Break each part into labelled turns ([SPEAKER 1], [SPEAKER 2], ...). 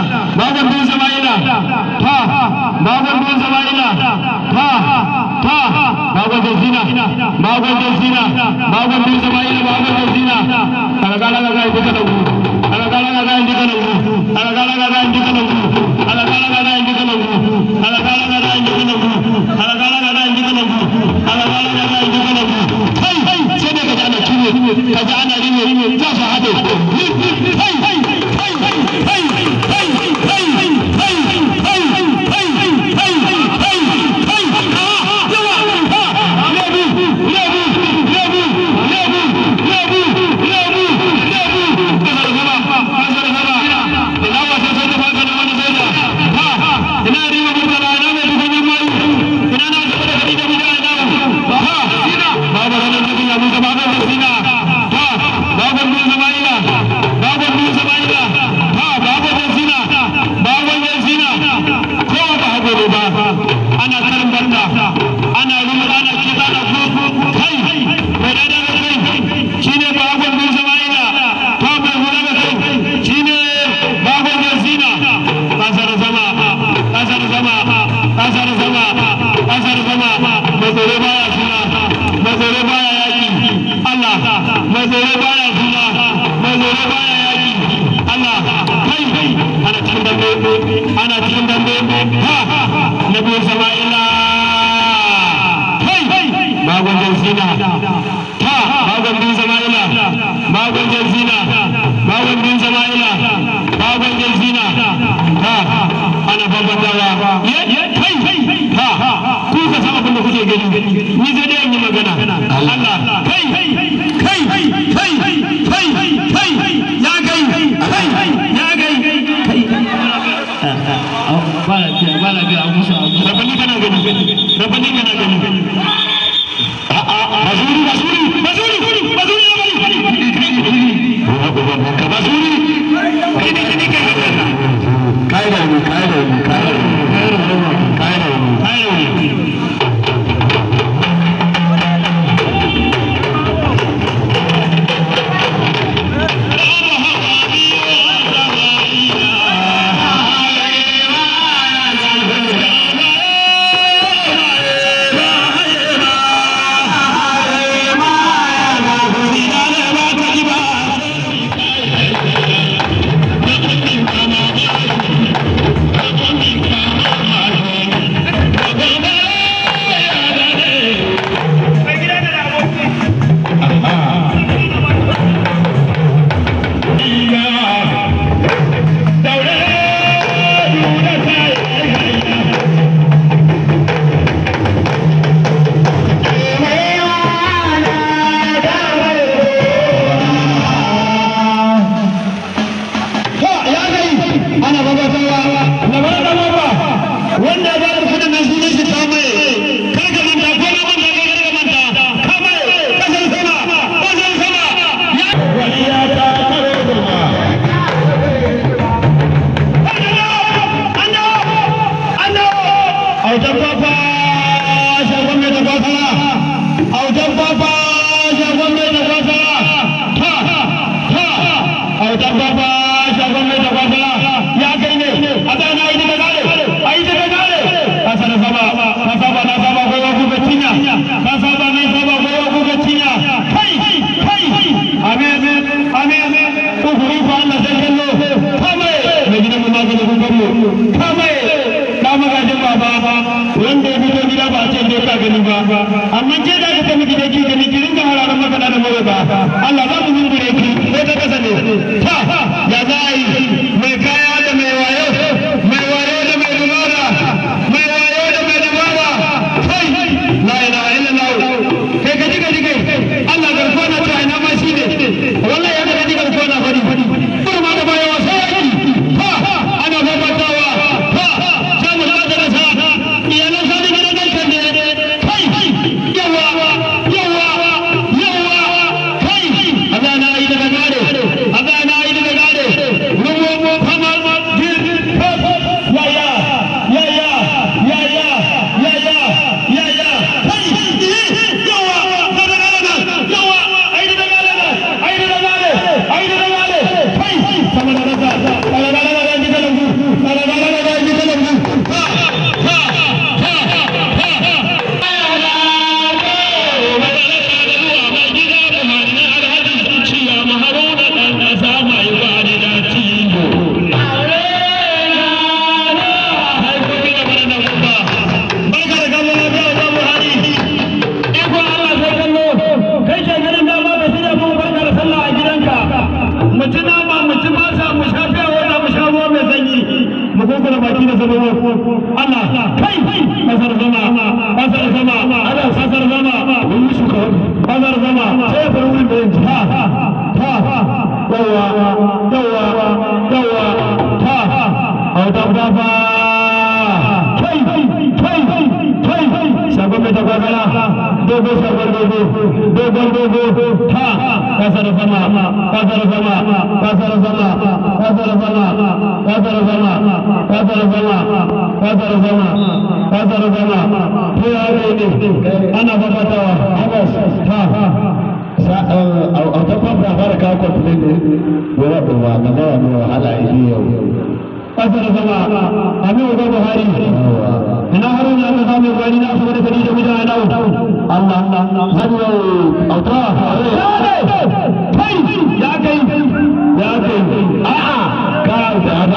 [SPEAKER 1] bagon don sama'ila ta
[SPEAKER 2] bagon don sama'ila ta ta bagon
[SPEAKER 1] don zina bagon don zina bagon don sama'ila bagon don zina alagala gaga in duka nagu alagala gaga in duka nagu alagala gaga in duka nagu alagala gaga in duka nagu alagala gaga in duka nagu alagala gaga in duka nagu alagala gaga in duka nagu kai sai dai ka ji ana kiwo ka ji ana rime za su haɗe kai দেখবে da babá. zama kasar zama ana kasar zama mun yi shugaban
[SPEAKER 2] kasar zama sai bar wurin da yin ha ha yawa yawa yawa ha a wata gafa
[SPEAKER 1] kai kai kai shagon mai takwakala dogo dogo
[SPEAKER 2] dogon dogo ha kasar zama kasar zama kasar zama kasar zama kasar zama kasar zama ta zarzama ta ne ana babatawa abbas ta uh, a ta fara ne na yau zama wa buhari
[SPEAKER 1] ina haruna aka samu buhari na da kari da na Allah yau auta kai ya kai ya kai ka da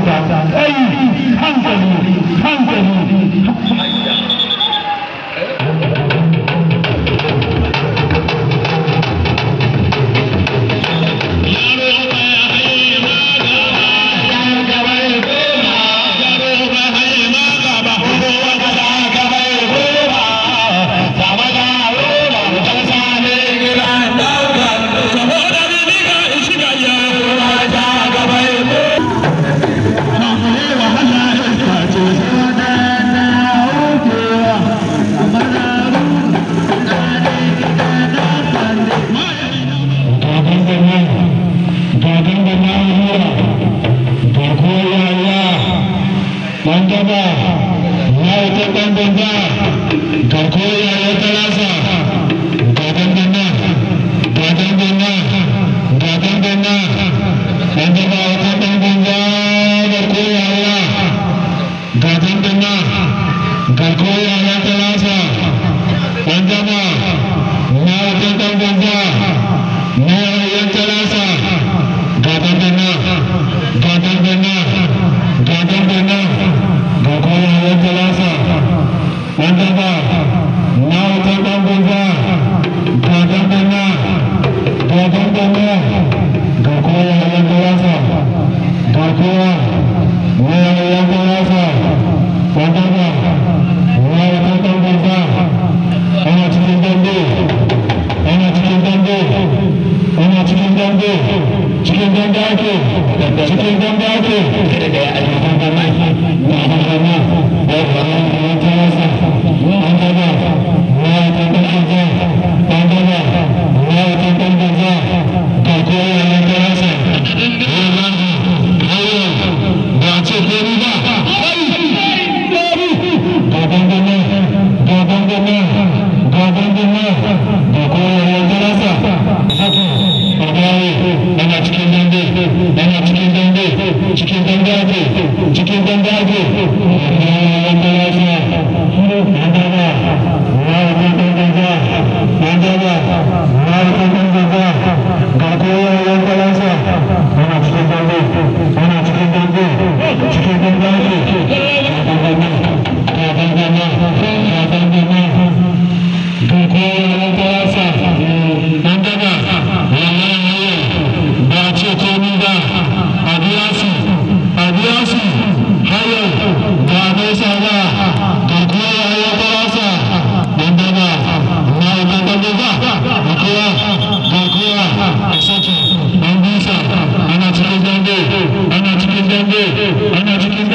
[SPEAKER 1] Gracias.
[SPEAKER 2] cikin ganga ke cikin ganga ke da ya aje ganga na ganga ma da ya fara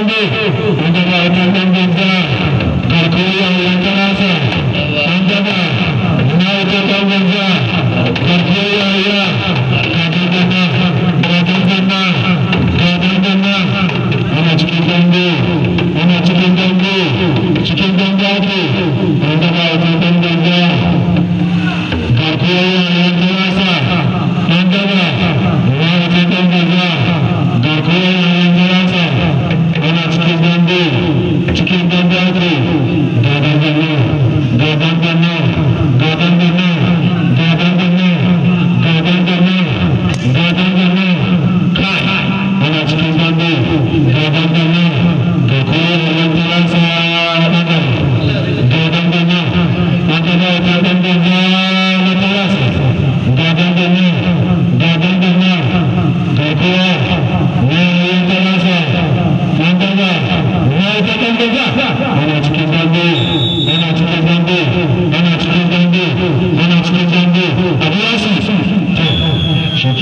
[SPEAKER 2] ఉండండి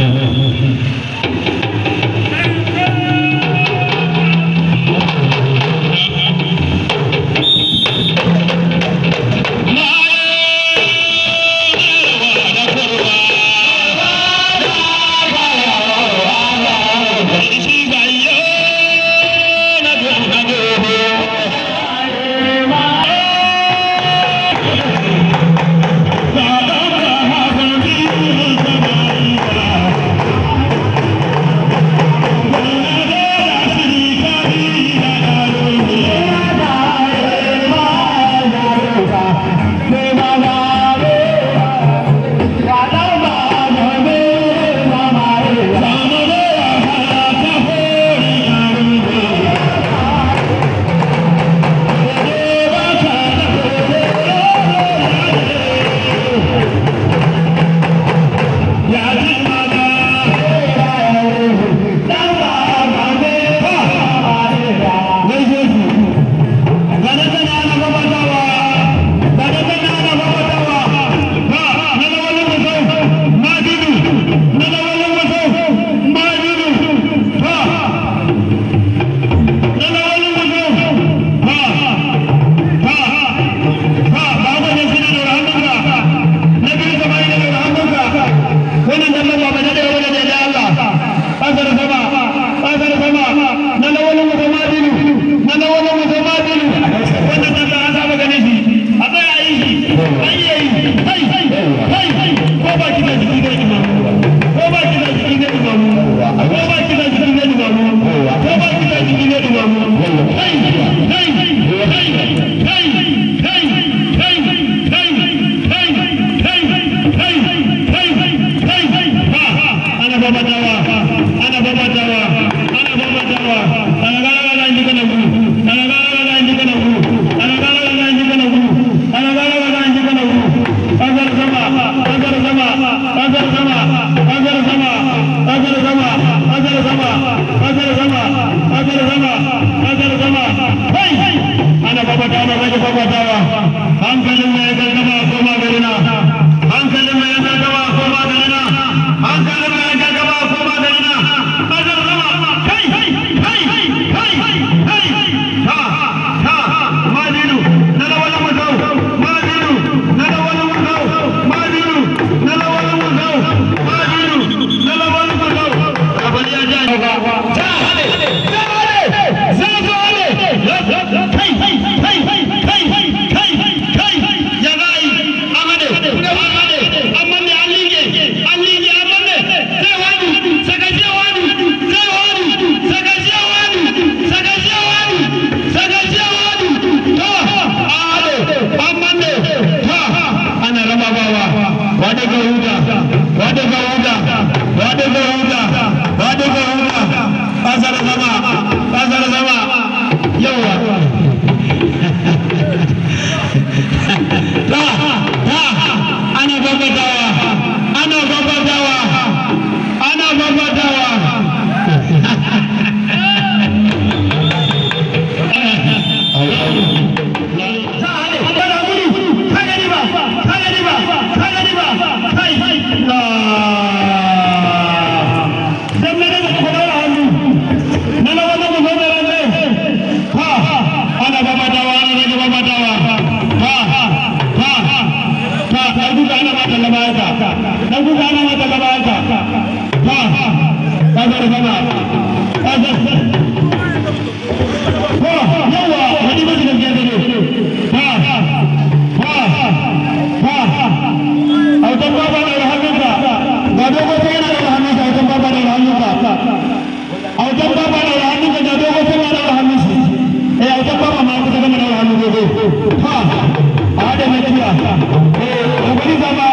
[SPEAKER 2] Mm-hmm.
[SPEAKER 1] ha ada makiya eh